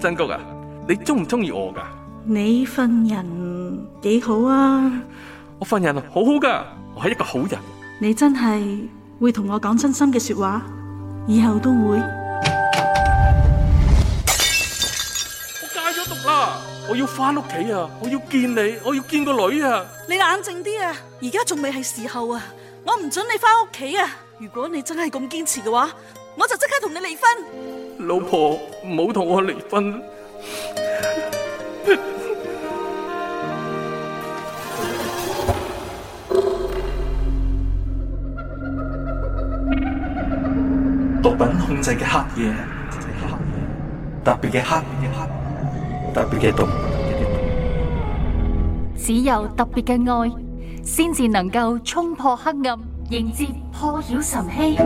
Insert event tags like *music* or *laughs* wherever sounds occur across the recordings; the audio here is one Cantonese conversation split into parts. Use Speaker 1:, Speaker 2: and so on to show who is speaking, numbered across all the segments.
Speaker 1: 真 *laughs* 菊啊，你中唔中意我噶？
Speaker 2: 你份人
Speaker 1: 幾好啊？我份人好好噶，我係一個好人。
Speaker 2: 你真係會同我講真心嘅說話，以後都會。
Speaker 1: 我戒咗毒啦，我要翻屋企啊！我要見你，我要見個女啊！
Speaker 2: 你冷靜啲啊！而家仲未係時候啊！我唔准你翻屋企啊！如果你真係咁堅持嘅話，我就即刻同你離婚。
Speaker 1: 老婆，唔好同我離婚。毒品控制嘅黑夜，特別嘅黑夜，特別嘅毒。
Speaker 3: 只有特別嘅愛，先至能夠衝破黑暗，迎接破曉晨曦。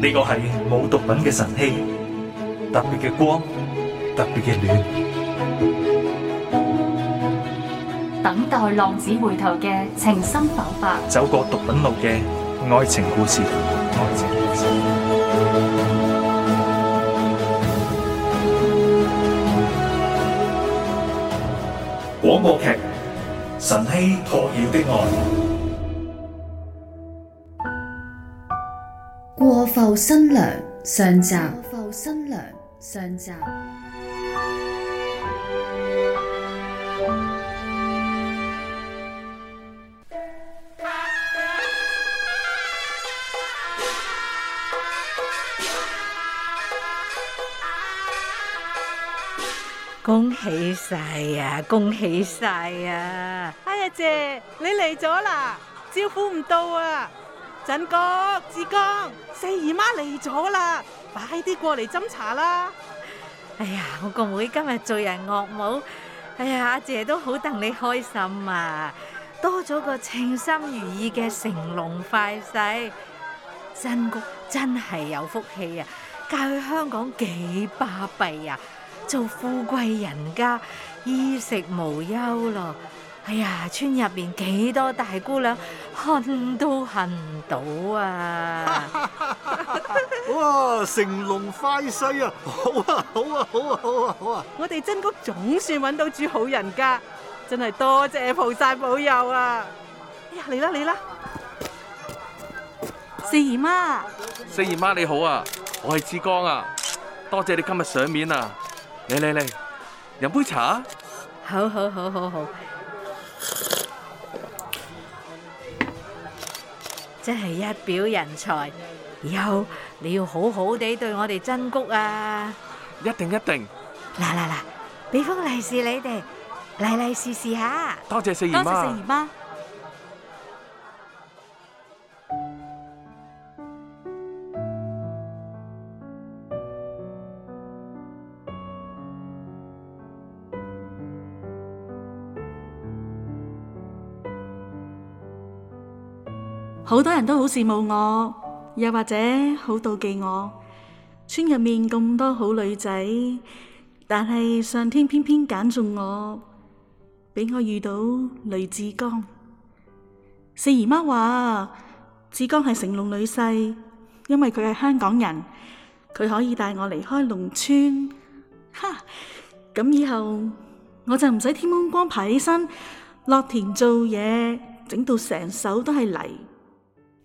Speaker 1: 呢個係冇毒品嘅神器，特別嘅光，特別嘅暖。
Speaker 3: 等待浪子回頭嘅情深爆發。
Speaker 1: 走過毒品路嘅愛情故事。愛情故事。廣播劇《神器托繞的愛》。
Speaker 3: 《傅新娘》上集，《新娘》上集。
Speaker 2: *noise* 恭喜晒啊！恭喜晒啊！哎呀，姐，你嚟咗啦，招呼唔到啊！振哥、志剛、四姨媽嚟咗啦，快啲過嚟斟茶啦！哎呀，我個妹,妹今日做人惡母，哎呀，阿姐,姐都好戥你開心啊，多咗個稱心如意嘅成龍快婿，新哥真係有福氣啊！嫁去香港幾巴閉啊，做富貴人家衣食無憂咯、啊！哎呀，村入邊幾多大姑娘。恨都恨唔到啊！ *laughs* 哇，乘龍快婿啊！好啊，好啊，好啊，好啊，好啊！我哋真谷總算揾到住好人家，真係多謝菩薩保佑啊！哎呀，嚟啦嚟啦，啦四姨媽！
Speaker 1: 四姨媽你好啊，我係志剛啊，多謝你今日賞面啊！嚟嚟嚟，飲杯茶。好
Speaker 2: 好好好好。好好好好好真係一表人才，
Speaker 1: 以後你要好好
Speaker 2: 地對我哋真谷啊！
Speaker 1: 一定一定。嗱嗱
Speaker 2: 嗱，俾封利是你哋，嚟嚟試試下。
Speaker 1: 多謝四姨媽四姨
Speaker 2: 媽。好多人都好羨慕我，又或者好妒忌我。村入面咁多好女仔，但係上天偏偏揀中我，俾我遇到雷志剛。四姨媽話：志剛係成龍女婿，因為佢係香港人，佢可以帶我離開農村。哈！咁以後我就唔使天蒙光爬起身，落田做嘢，做到整到成手都係泥。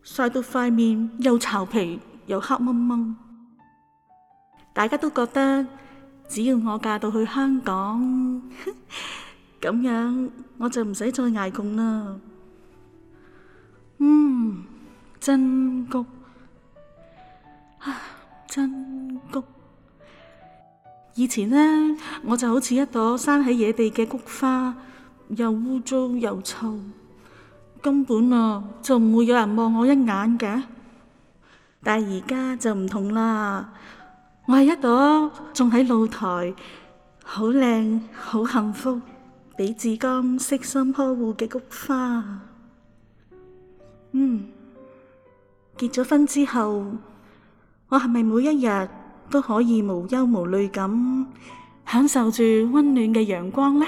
Speaker 2: 曬到塊面又潮皮又黑蒙蒙，大家都覺得只要我嫁到去香港，咁 *laughs* 樣我就唔使再捱窮啦。嗯，真菊啊，真菊！以前呢，我就好似一朵生喺野地嘅菊花，又污糟又臭。根本啊，就唔會有人望我一眼嘅。但係而家就唔同啦，我係一朵仲喺露台，好靚好幸福，俾志剛悉心呵護嘅菊花。嗯，結咗婚之後，我係咪每一日都可以無憂無慮咁享受住溫暖嘅陽光呢？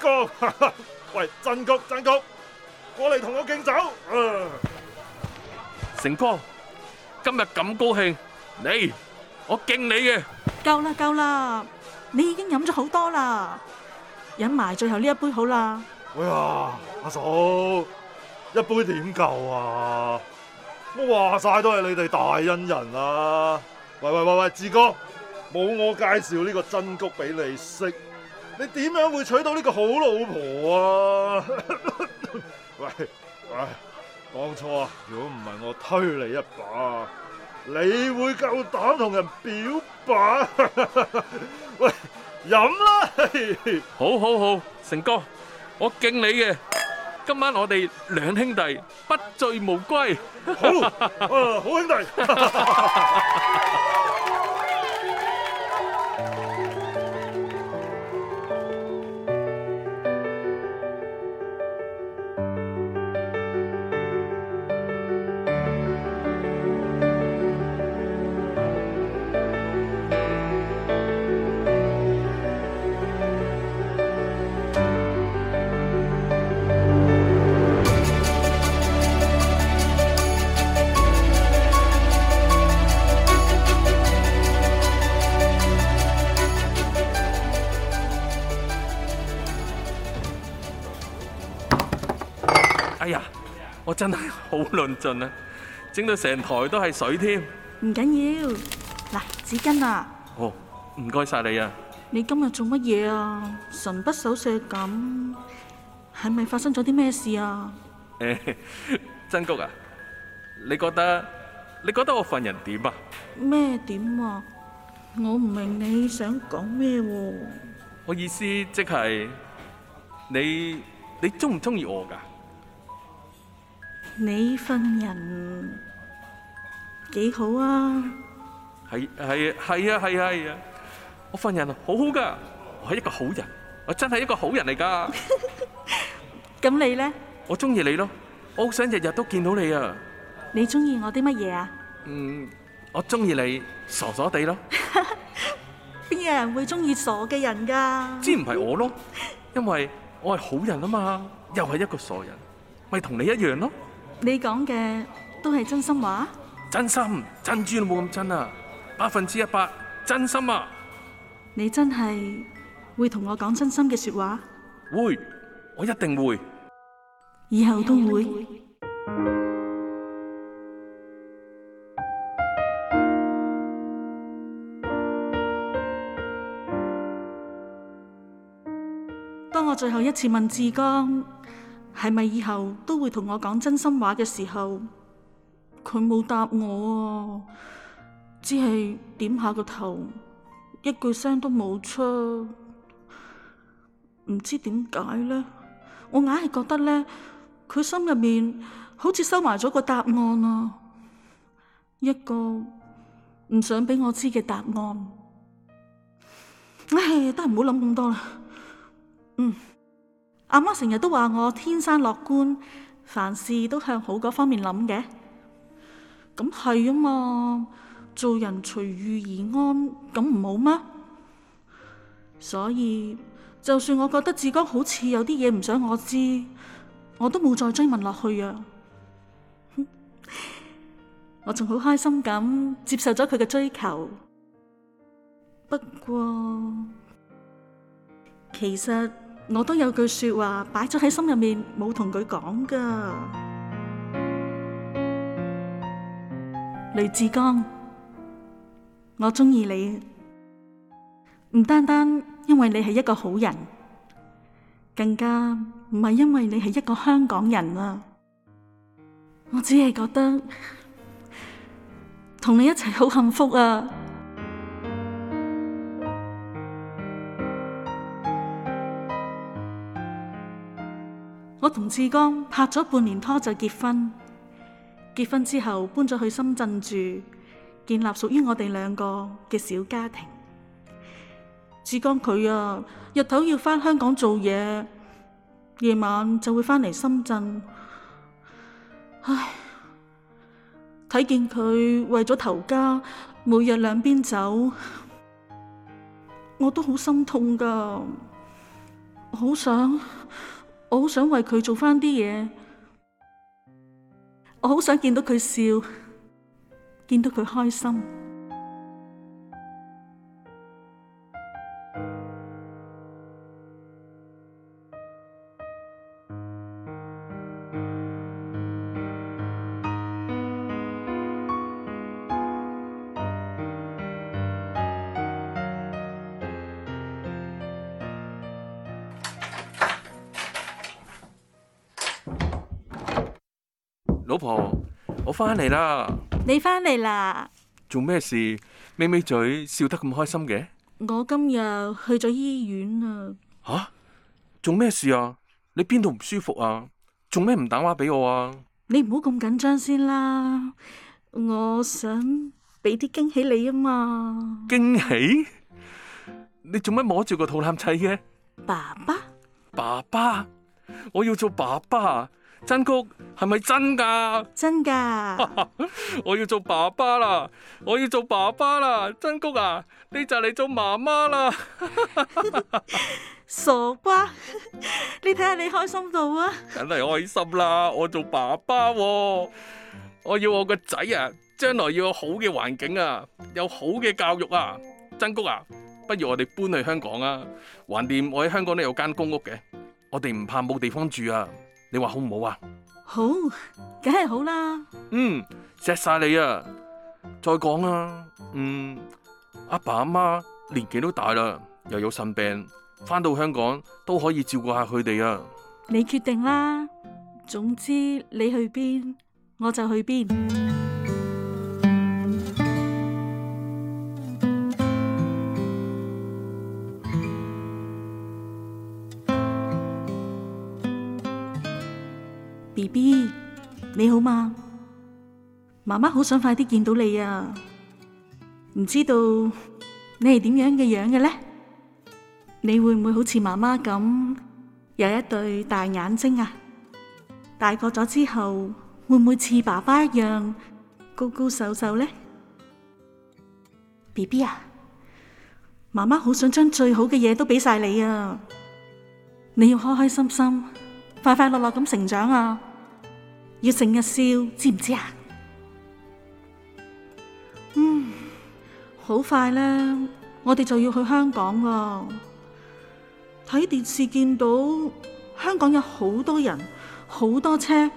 Speaker 1: 哥，喂，振菊振菊，過嚟同我敬酒。成哥，今日咁高興，你我敬你嘅。
Speaker 2: 夠啦夠啦，你已經飲咗好多啦，飲埋最後呢一杯好啦。
Speaker 1: 哎呀，阿嫂，一杯點夠啊？我話晒都係你哋大恩人啦。喂喂喂喂，志哥，冇我介紹呢個振菊俾你識。你點樣會娶到呢個好老婆啊？ *laughs*
Speaker 3: 喂，
Speaker 1: 喂，當初啊，如果唔係我推你一把，你會夠膽同人表白？ *laughs* 喂，飲啦！好好好，成哥，我敬你嘅。今晚我哋兩兄弟不醉無歸。 *laughs* 好、啊，好兄弟。 *laughs* 真係好論盡啊！整到成台都係水添。
Speaker 2: 唔緊要，嗱紙巾啊。
Speaker 1: 好，唔該晒你啊。
Speaker 2: 你今日做乜嘢啊？神不守舍咁，係咪發生咗啲咩事啊？
Speaker 1: 誒，真菊啊，你覺得你覺得我份人點啊？
Speaker 2: 咩點啊？我唔明你想講咩喎？
Speaker 1: 我意思即係你你中唔中意我噶？
Speaker 2: 你份人幾好啊。
Speaker 1: 係係係啊，係啊，係啊！我份人好好噶，我係一個好人，我真係一個好人嚟噶。咁你咧？我中意你咯，我好想日日都見到你啊！
Speaker 2: 你中意我啲乜嘢啊？嗯，
Speaker 1: 我中意你傻傻地咯。
Speaker 2: 邊有人會中意傻嘅人噶？
Speaker 1: 知唔係我咯，因為我係好人啊嘛，又係一個傻人，咪同你一樣咯。
Speaker 2: 你講嘅都係真心話？
Speaker 1: 真心珍珠都冇咁真啊，百分之一百真心啊！
Speaker 2: 你真係會同我講真心嘅說話？
Speaker 1: 會，我一定會，
Speaker 2: 以後都會。都會當我最後一次問志剛。係咪以後都會同我講真心話嘅時候，佢冇答我啊，只係點下個頭，一句聲都冇出，唔知點解咧？我硬係覺得咧，佢心入面好似收埋咗個答案啊，一個唔想俾我知嘅答案。唉，都唔好諗咁多啦，嗯。阿媽成日都話我天生樂觀，凡事都向好嗰方面諗嘅。咁係啊嘛，做人隨遇而安，咁唔好嗎？所以，就算我覺得志剛好似有啲嘢唔想我知，我都冇再追問落去啊。 *laughs* 我仲好開心咁接受咗佢嘅追求。不過，其實我都有句話說話擺咗喺心入面，冇同佢講噶。雷志剛，我中意你，唔單單因為你係一個好人，更加唔係因為你係一個香港人啊！我只係覺得同你一齊好幸福啊！我同志剛拍咗半年拖就結婚，結婚之後搬咗去深圳住，建立屬於我哋兩個嘅小家庭。志剛佢啊，日頭要返香港做嘢，夜晚就會返嚟深圳。唉，睇見佢為咗頭家，每日兩邊走，我都好心痛噶，好想。我好想為佢做翻啲嘢，我好想見到佢笑，見到佢開心。翻嚟啦！你翻嚟啦！
Speaker 1: 做咩事？咪咪嘴，笑得咁開心嘅？
Speaker 2: 我今日去咗醫院啊！
Speaker 1: 吓？做咩事啊？你邊度唔舒服啊？做咩唔打電話俾我啊？
Speaker 2: 你唔好咁緊張先啦！我想俾啲驚喜你啊嘛！
Speaker 1: 驚喜？你做咩摸住個肚腩仔嘅？爸爸，爸爸，我要做爸爸！曾菊，係咪真噶？真噶的！ *laughs* 我要做爸爸啦！我要做爸爸啦！曾菊啊，你就嚟做媽媽啦！ *laughs* *laughs* 傻瓜， *laughs* 你睇下你開心到啊！梗係 *laughs* 開心啦！我做爸爸，哦，我要我個仔啊，將來要有好嘅環境啊，有好嘅教育啊！曾菊啊，不如我哋搬去香港啊？橫掂我喺香港都有間公屋嘅，我哋唔怕冇地方住啊！你話好唔好啊？好，
Speaker 2: 梗係好啦。
Speaker 1: 嗯。嗯，錫晒你啊。再講啦，嗯，阿爸阿媽年紀都大啦，又有腎病，返到香港都可以照顧下佢哋啊。
Speaker 2: 你決定啦，總之你去邊，我就去邊。B，你好嗎？媽媽好想快啲見到你啊！唔知道你係點樣嘅樣嘅咧？你會唔會好似媽媽咁有一對大眼睛啊？大個咗之後會唔會似爸爸一樣高高瘦瘦咧？B B 啊，媽媽好想將最好嘅嘢都俾晒你啊！你要開開心心、快快樂樂咁成長啊！要成日笑，知唔知啊？嗯，好快呢，我哋就要去香港啦。睇電視見到香港有好多人、好多車，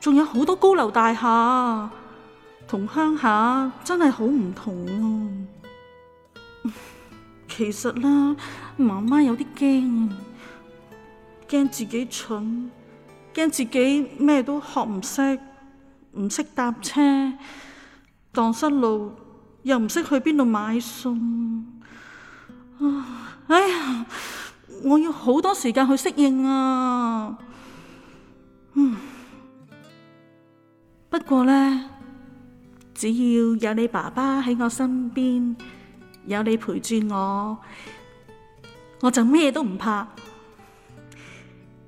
Speaker 2: 仲有好多高樓大廈，同鄉下真係好唔同啊。其實啦，媽媽有啲驚，驚自己蠢。驚自己咩都學唔識，唔識搭車，蕩失路，又唔識去邊度買餸。哎呀，我要好多時間去適應啊。不過呢，只要有你爸爸喺我身邊，有你陪住我，我就咩都唔怕。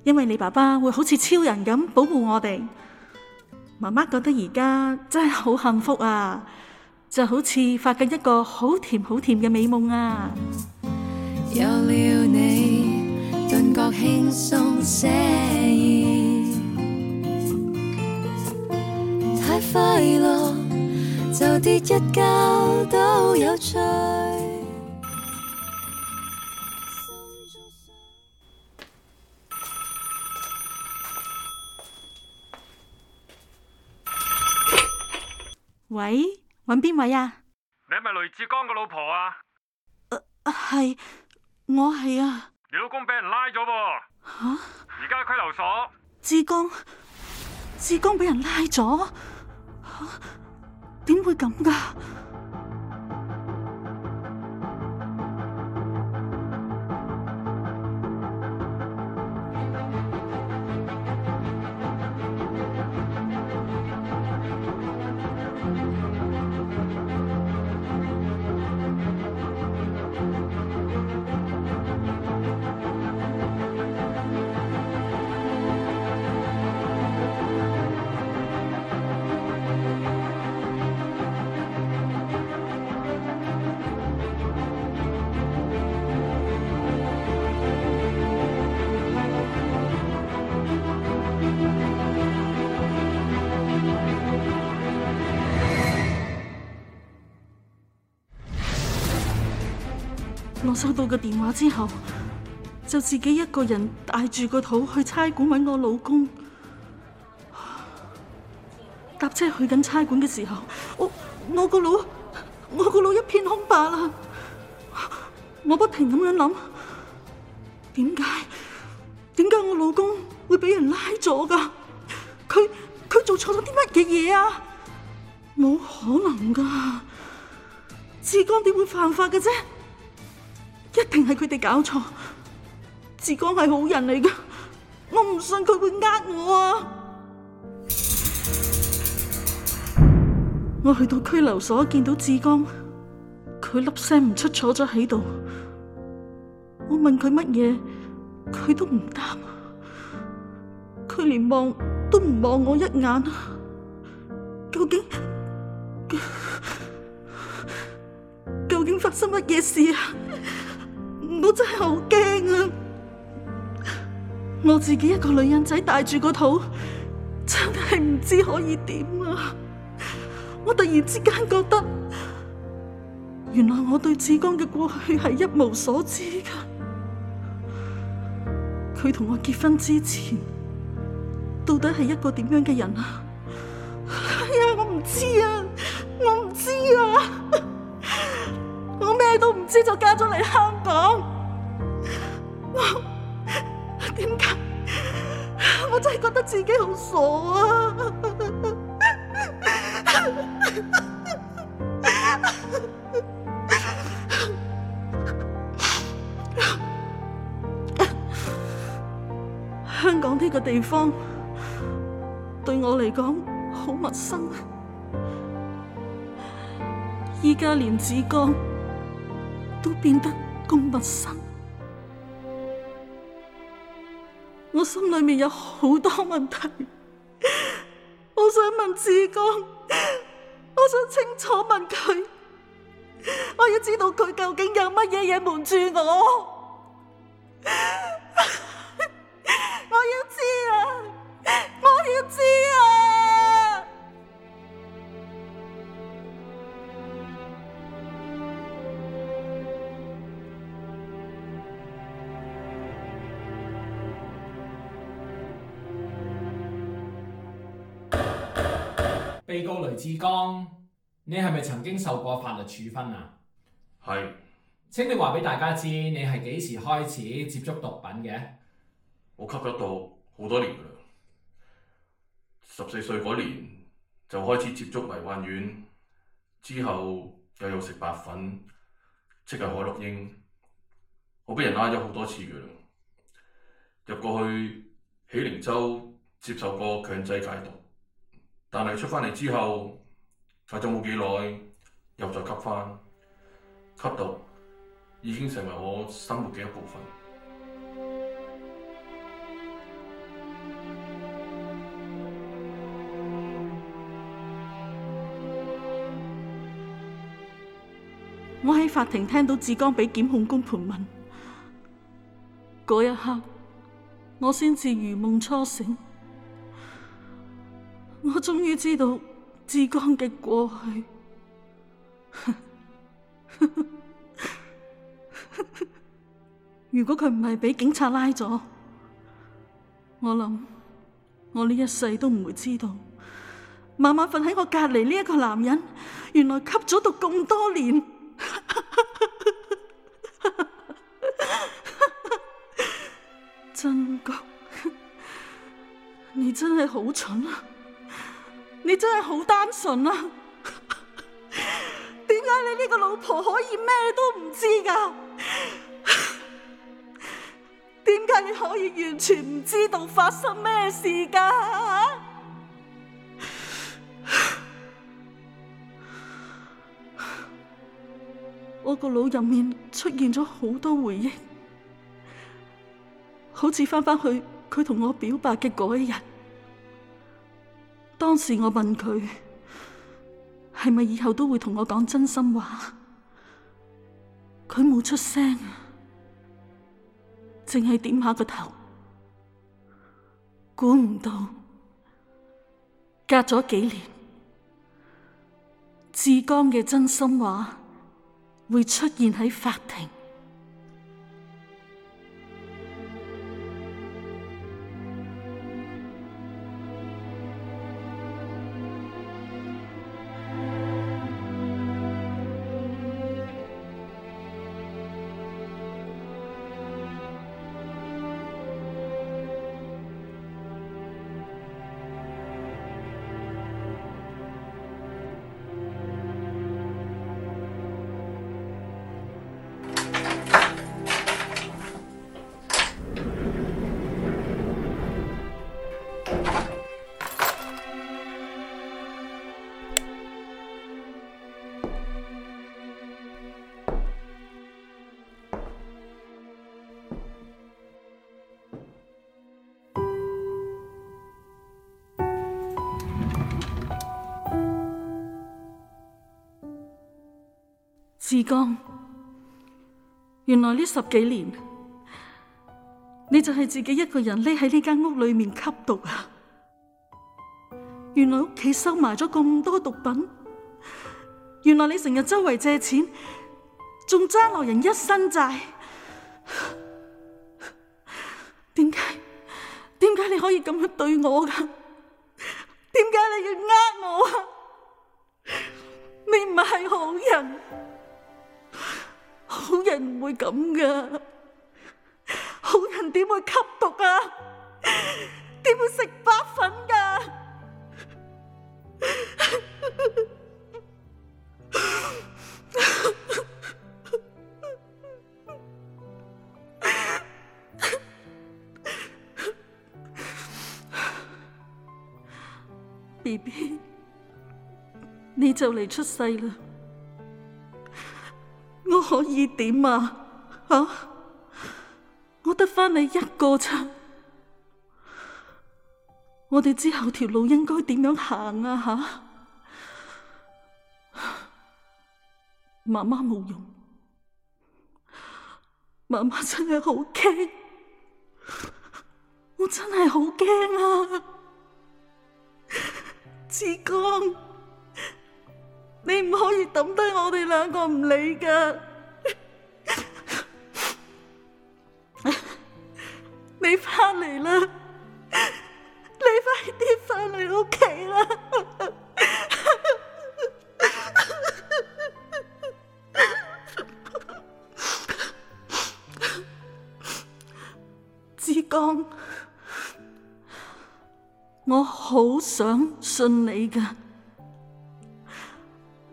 Speaker 2: 因為你爸爸會好似超人咁保護我哋，媽媽覺得而家真係好幸福啊，就好似發緊一個好甜好甜嘅美夢啊！有了你，
Speaker 3: 頓覺輕鬆寫意，太快樂就跌一跤
Speaker 2: 都有趣。喂，揾邊位啊？
Speaker 1: 你係咪雷志剛個老婆啊？
Speaker 2: 呃，係，我係啊。你
Speaker 1: 老公俾人拉咗噃？吓？而家喺拘留所。
Speaker 2: 志剛，志剛俾人拉咗？吓？點會咁㗎？我收到個電話之後，就自己一個人帶住個肚去差館揾我老公。搭車去緊差館嘅時候，我我個腦我個腦一片空白啦！我不停咁樣諗，點解？點解我老公會俾人拉咗噶？佢佢做錯咗啲乜嘅嘢啊？冇可能噶！志剛點會犯法嘅啫？一定係佢哋搞錯，志剛係好人嚟噶，我唔信佢會呃我啊！ *noise* 我去到拘留所見到志剛，佢粒聲唔出，坐咗喺度。我問佢乜嘢，佢都唔答，佢連望都唔望我一眼。究竟究竟發生乜嘢事啊？我真係好驚啊！我自己一個女人仔帶住個肚，真係唔知可以點啊！我突然之間覺得，原來我對志剛嘅過去係一無所知噶。佢同我結婚之前，到底係一個點樣嘅人啊？係、哎、啊，我唔知啊，我唔知啊。都唔知就嫁咗嚟香港，我點解？我真係覺得自己好傻啊！香港呢個地方對我嚟講好陌生，依家連子江都變得咁陌生，我心裏面有好多問題，我想問志剛，我想清楚問佢，我要知道佢究竟有乜嘢嘢瞞住我，我要知啊，我要知啊。
Speaker 1: 被告雷志剛，你係咪曾經受過法律處分啊？係，請你話俾大家知，你係幾時開始接觸毒品嘅？我吸咗毒好多年噶啦，十四歲嗰年就開始接觸迷幻丸，之後又有食白粉，即係海洛英。我俾人拉咗好多次噶啦，入過去喜靈洲接受過強制戒毒。但係出返嚟之後，快咗冇幾耐，又再吸返吸毒，已經成為我生活嘅一部分。
Speaker 2: 我喺法庭聽到志剛俾檢控官盤問，嗰一刻，我先至如夢初醒。我終於知道志剛嘅過去。 *laughs* 如果佢唔係俾警察拉咗，我諗我呢一世都唔會知道，晚晚瞓喺我隔籬呢一個男人，原來吸咗毒咁多年。 *laughs* 真覺你真係好蠢啊！你真係好單純啊！點 *laughs* 解你呢個老婆可以咩都唔知噶？點解你可以完全唔知道發生咩事噶？我個腦入面出現咗好多回憶，好似返返去佢同我表白嘅嗰一日。當時我問佢係咪以後都會同我講真心話？佢冇出聲，淨係點下個頭。估唔到，隔咗幾年，志剛嘅真心話會出現喺法庭。志剛，原來呢十幾年，你就係自己一個人匿喺呢間屋裏面吸毒呀？原來屋企收埋咗咁多毒品？原來你成日周圍借錢，仲爭落人一身債？點解？點解你可以咁樣對我㗎？點解你要呃我呀？你唔係好人。好人唔會咁噶。好人點會吸毒啊？點會食花粉噶？BB，你就嚟出世啦！我可以點啊？吓、啊！我得翻你一個啫。我哋之後條路應該點樣行啊？吓、啊！媽媽冇用，媽媽真係好驚，我真係好驚啊！志剛，你唔可以抌低我哋兩個唔理噶。啦！你快啲翻嚟屋企啦，志剛！我好想信你㗎，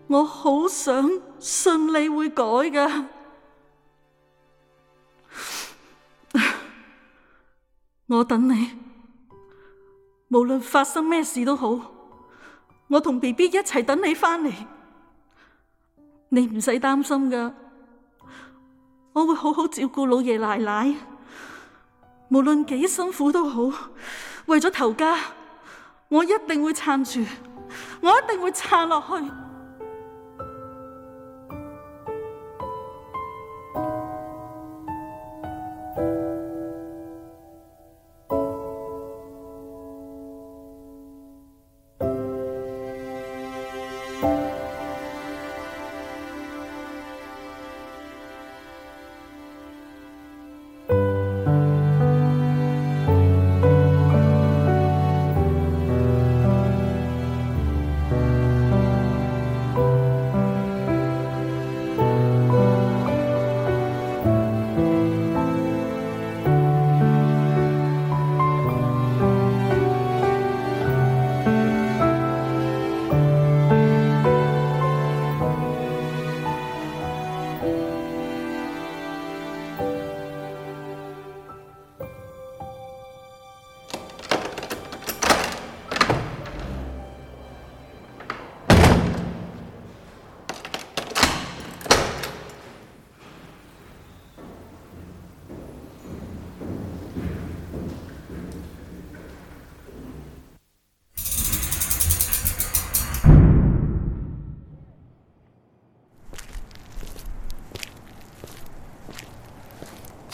Speaker 2: 我好想信你會改㗎。我等你，無論發生咩事都好，我同 BB 一齊等你翻嚟。你唔使擔心噶，我會好好照顧老爺奶奶，無論幾辛苦都好，為咗頭家，我一定會撐住，我一定會撐落去。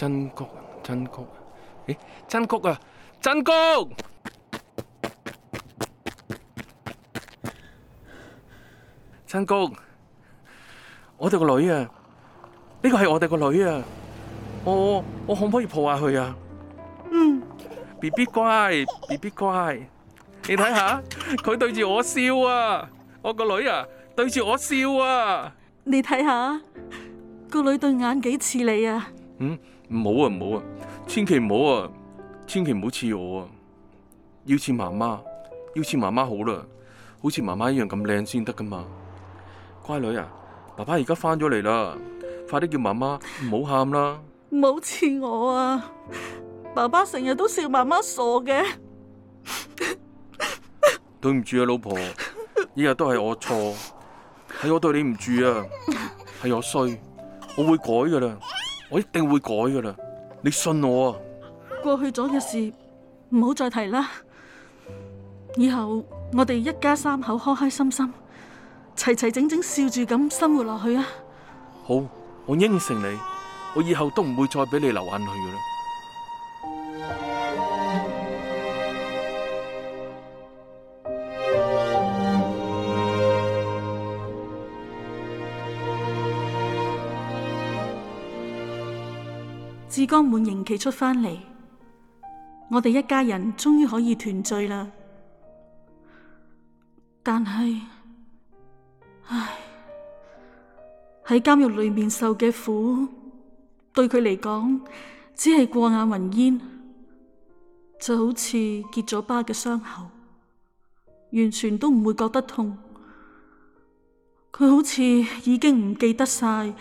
Speaker 1: 真菊，真菊，誒，真菊啊，真菊，真菊，我哋個女啊，呢個係我哋個女啊，我我可唔可以抱下佢啊？嗯，BB 乖，BB 乖，你睇下，佢對住我笑啊，我個女啊，對住我笑啊，你
Speaker 2: 睇下，個女對眼幾似你啊。嗯。
Speaker 1: 唔好啊，唔好啊，千祈唔好啊，千祈唔好似我啊，要似媽媽，要似媽媽好啦，好似媽媽一樣咁靚先得噶嘛。乖女啊，爸爸而家翻咗嚟啦，快啲叫媽媽，唔好喊啦。
Speaker 2: 唔好似我啊，爸爸成日都笑媽媽傻嘅。
Speaker 1: *laughs* 對唔住啊，老婆，依日都係我錯，係我對你唔住啊，係我衰，我會改噶啦。我一定會改㗎喇，你信我啊！
Speaker 2: 過去咗嘅事唔好再提啦，以後我哋一家三口開開心心、齊齊整整，整笑住咁生活落去啊！
Speaker 1: 好，我應承你，我以後都唔會再俾你流眼淚㗎喇。
Speaker 2: 志剛滿刑期出翻嚟，我哋一家人終於可以團聚啦。但係，唉，喺監獄裏面受嘅苦，對佢嚟講，只係過眼雲煙，就好似結咗疤嘅傷口，完全都唔會覺得痛。佢好似已經唔記得晒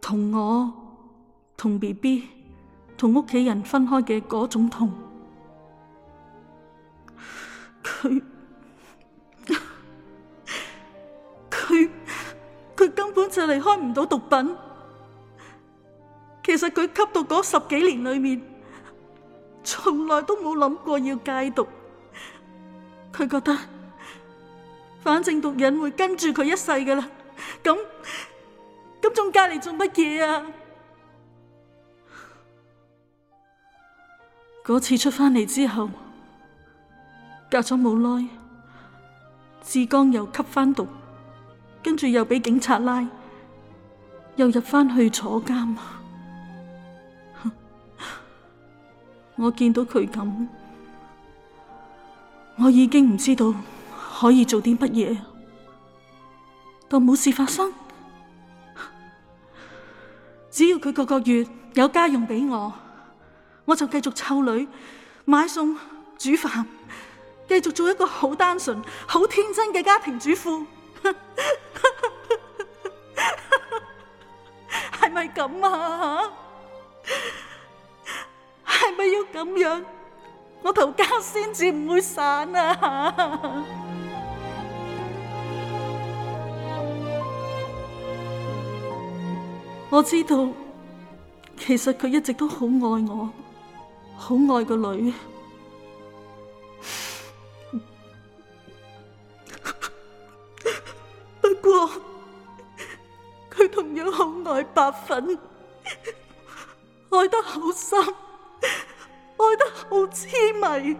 Speaker 2: 同我。同 BB、同屋企人分開嘅嗰種痛，佢佢佢根本就離開唔到毒品。其實佢吸毒嗰十幾年裏面，從來都冇諗過要戒毒。佢覺得，反正毒癮會跟住佢一世㗎喇，咁咁仲隔離做乜嘢啊？嗰次出返嚟之後，隔咗冇耐，志剛又吸返毒，跟住又俾警察拉，又入返去坐監。 *laughs* 我見到佢咁，我已經唔知道可以做啲乜嘢，當冇事發生， *laughs* 只要佢個個月有家用俾我。我就繼續湊女、買餸、煮飯，繼續做一個好單純、好天真嘅家庭主婦，係咪咁啊？係咪要咁樣，我頭家先至唔會散啊！ *laughs* 我知道，其實佢一直都好愛我。好愛個女，不過佢同樣好愛白粉，愛得好深，愛得好痴迷。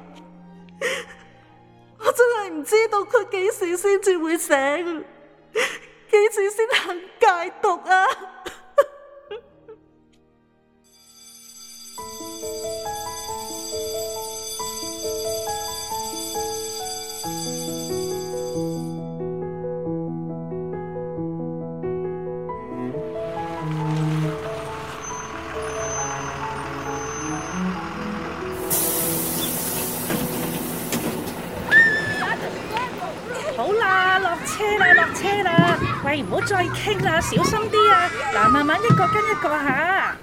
Speaker 2: 我真係唔知道佢幾時先至會醒，幾時先肯戒毒啊！小心啲啊！嗱，慢慢一個跟一個一下。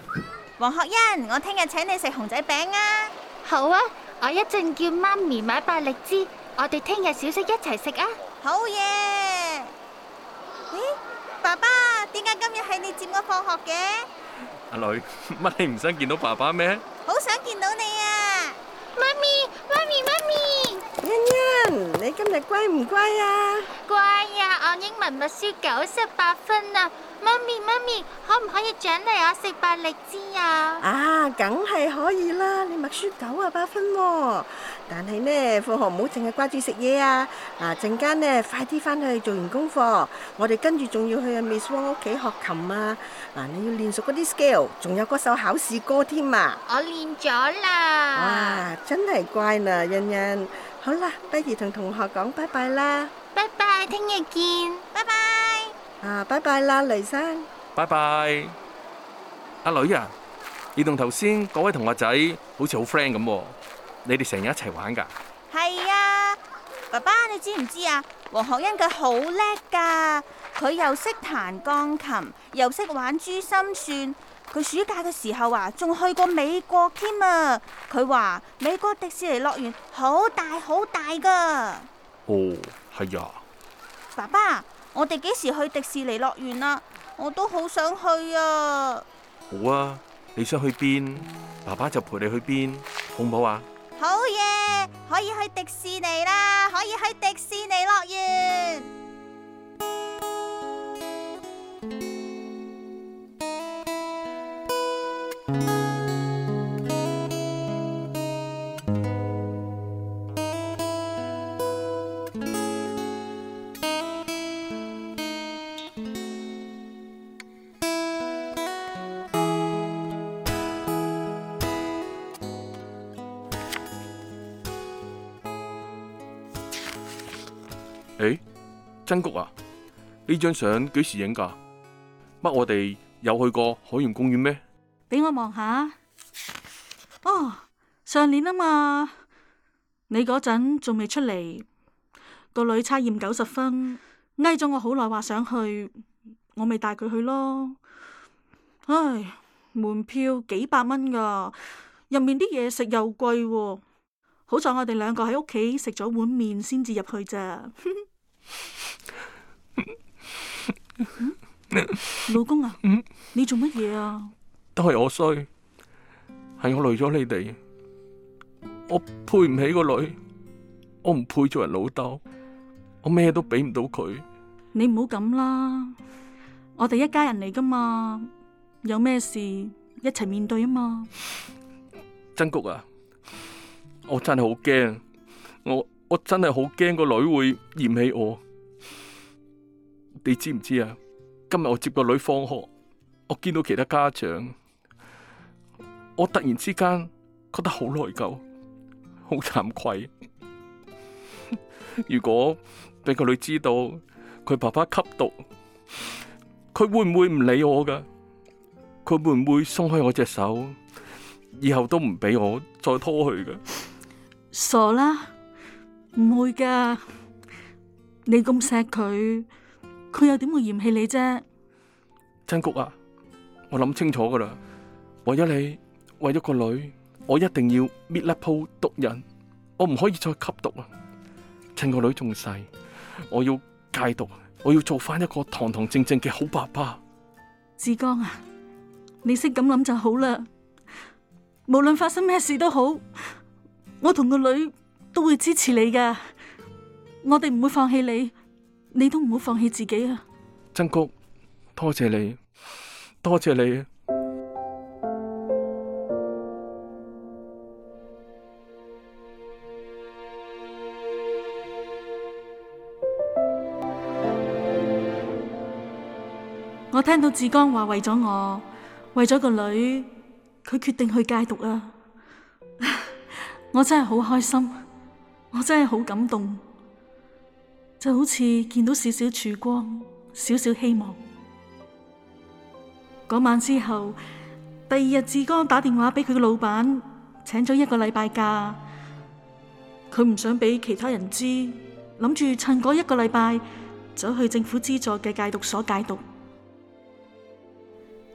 Speaker 2: 黃學欣，我聽日請你食
Speaker 3: 熊仔餅啊！好啊，我一陣叫媽咪買百力滋，我哋聽日小息一齊食啊！好嘢！咦，爸爸，點解今日係你接我放學嘅？
Speaker 1: 阿女，乜你唔想見到爸爸咩？
Speaker 3: 好想見到你啊！媽咪，媽咪，媽咪！
Speaker 1: 欣欣，你
Speaker 3: 今
Speaker 2: 日乖唔乖啊？
Speaker 3: 乖呀！我英文默書九十八分啊！媽咪媽咪，可唔可以獎勵我食百力滋啊？
Speaker 2: 啊，梗係可以啦！你默書九啊八分，但係呢，放學唔好淨係掛住食嘢啊！
Speaker 3: 嗱，陣間呢，快啲翻去做完功課，我哋跟住仲要去阿 Miss Wong 屋企學琴啊！嗱，你要練熟嗰啲 scale，仲有嗰首考試歌添啊！我練咗啦！哇，真係乖啦，欣欣。好啦，不如同同學講拜拜啦。拜拜，聽日見。拜拜。啊，拜拜啦，雷生。
Speaker 1: 拜拜，阿女啊，你同頭先嗰位同學仔好似好 friend 咁，你哋成日一齊玩噶。
Speaker 3: 係啊，爸爸，你知唔知啊？黃學欣佢好叻噶，佢又識彈鋼琴，又識玩珠心算。佢暑假嘅時候啊，仲去過美國添
Speaker 2: 啊！佢話美國迪士尼樂園好大好大㗎。哦，
Speaker 1: 係呀啊。
Speaker 2: 爸爸，我哋幾時去迪士尼樂園啊？我都好想去啊。
Speaker 1: 好啊，你想去邊，爸爸就陪你去邊，好唔好啊？
Speaker 3: 好嘢，可以去迪士尼啦，可以去迪士尼樂園。
Speaker 1: 真菊啊！呢張相幾時影噶？乜我哋有去過海洋公園咩？
Speaker 2: 俾我望下。哦，上年啊嘛，你嗰陣仲未出嚟，個女測驗九十分，嗌咗我好耐話想去，我咪帶佢去咯。唉，門票幾百蚊噶，入面啲嘢食又貴啊，好在我哋兩個喺屋企食咗碗麵先至入去咋。 *laughs*
Speaker 1: *laughs* 老公啊， *laughs* 嗯、
Speaker 2: 你做乜嘢啊？
Speaker 1: 都係我衰，係我累咗你哋，我配唔起個女，我唔配做人老豆，我咩都俾唔到佢。
Speaker 2: 你唔好咁啦，我哋一家人嚟噶嘛，有咩事一齊面對啊嘛。
Speaker 1: 曾菊啊，我真係好驚，我我真係好驚個女會嫌棄我。你知唔知啊？今日我接個女放學，我見到其他家長，我突然之間覺得好內疚，好慚愧。 *laughs* 如果俾個女知道佢爸爸吸毒，佢會唔會唔理我噶？佢會唔會鬆開我隻手，以後都唔俾我再拖佢噶？
Speaker 2: 傻啦，唔會噶。你咁錫佢。佢又點會嫌棄你啫？
Speaker 1: 真菊啊，我諗清楚噶啦，為咗你，為咗個女，我一定要搣甩鋪毒癮，我唔可以再吸毒啊！趁個女仲細，我要戒毒，我要做翻一個堂堂正正嘅好爸爸。
Speaker 2: 志剛啊，你識咁諗就好啦。
Speaker 1: 無論發
Speaker 2: 生咩事都好，我同個女都會支持你噶，我哋唔會放棄你。你都唔好放棄自己啊！
Speaker 1: 曾菊，多謝你，多謝你啊！
Speaker 2: 我聽到志剛話為咗我，為咗個女，佢決定去戒毒啊！我真係好開心，我真係好感動。就好似見到少少曙光，少少希望。嗰晚之後，第二日志光打電話俾佢嘅老闆，請咗一個禮拜假。佢唔想俾其他人知，諗住趁嗰一個禮拜走去政府資助嘅戒毒所戒毒。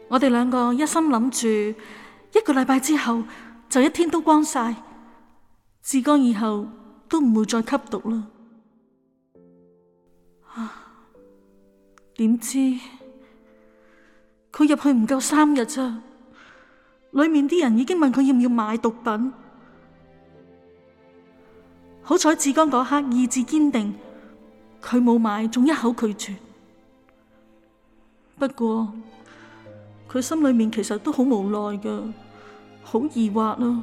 Speaker 2: 我哋兩個一心諗住，一個禮拜之後就一天都光晒。志光以後都唔會再吸毒啦。啊！點知佢入去唔夠三日啫，裏面啲人已經問佢要唔要買毒品。好彩志剛嗰刻意志堅定，佢冇買，仲一口拒絕。不過佢心裏面其實都好無奈噶，好疑惑啦。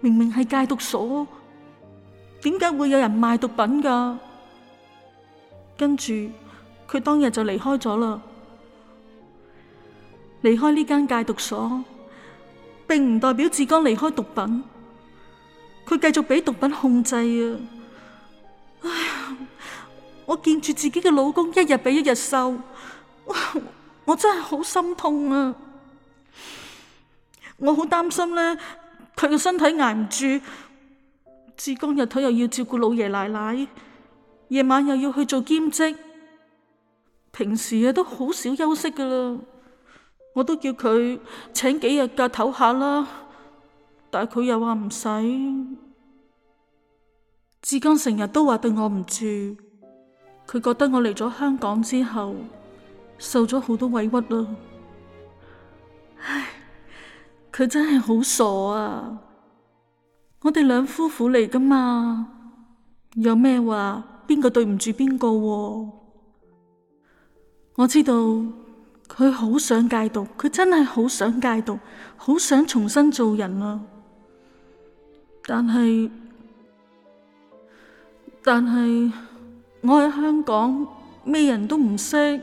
Speaker 2: 明明係戒毒所，點解會有人賣毒品噶？跟住，佢當日就離開咗啦。離開呢間戒毒所，並唔代表志剛離開毒品，佢繼續俾毒品控制啊！哎呀，我見住自己嘅老公一日比一日瘦，我，我真係好心痛啊！我好擔心呢，佢嘅身體挨唔住，志剛日頭又要照顧老爺奶奶。夜晚又要去做兼職，平時啊都好少休息噶啦。我都叫佢請幾日假唞下啦，但係佢又話唔使。至今成日都話對我唔住，佢覺得我嚟咗香港之後受咗好多委屈啦。唉，佢真係好傻啊！我哋兩夫婦嚟噶嘛，有咩話？邊個對唔住邊個？我知道佢好想戒毒，佢真係好想戒毒，好想重新做人啊！但係但係，我喺香港咩人都唔識，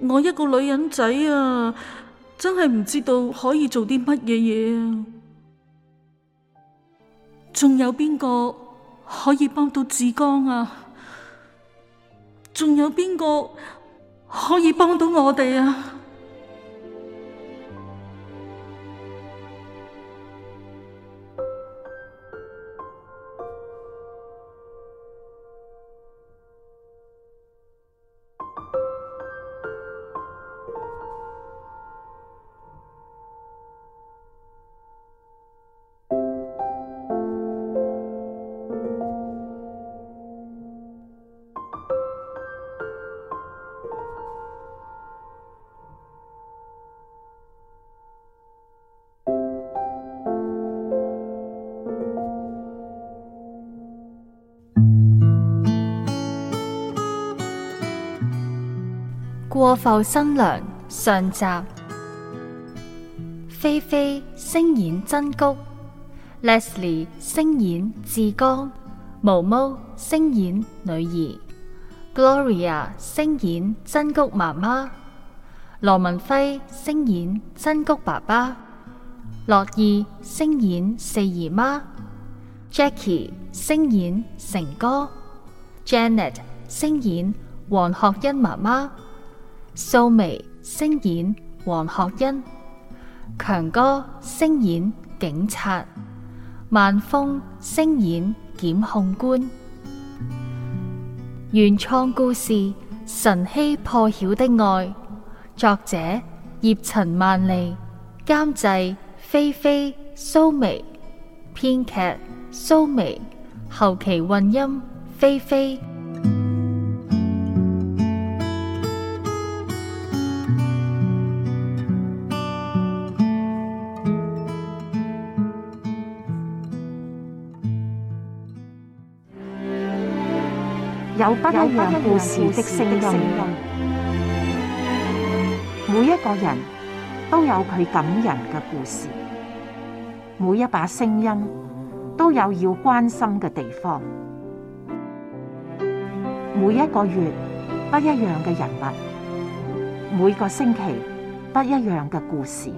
Speaker 2: 我一個女人仔啊，真係唔知道可以做啲乜嘢嘢啊！仲有邊個？可以幫到志剛啊！仲有邊個可以幫到我哋啊？
Speaker 3: 《過埠新娘》上集，菲菲聲演真菊，Leslie 聲演志剛，毛毛聲演女兒，Gloria 聲演真菊媽媽，羅文輝聲演真菊爸爸，樂意聲演四姨媽，Jackie 聲演成哥，Janet 聲演黃學欣媽媽。蘇眉聲演黃學欣，強哥聲演警察，萬峰聲演檢控官。原創故事《晨曦破曉的愛》，作者葉陳萬利，監製菲菲，蘇眉，編劇蘇眉，後期混音菲菲。有不一樣故事的聲音，每一個人都有佢感人嘅故事，每一把聲音都有要關心嘅地方，每一個月，不一樣嘅人物，每個星期，不一樣嘅故事，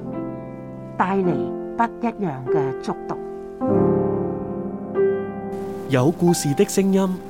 Speaker 3: 帶嚟不一樣嘅觸動。
Speaker 1: 有故事的聲音。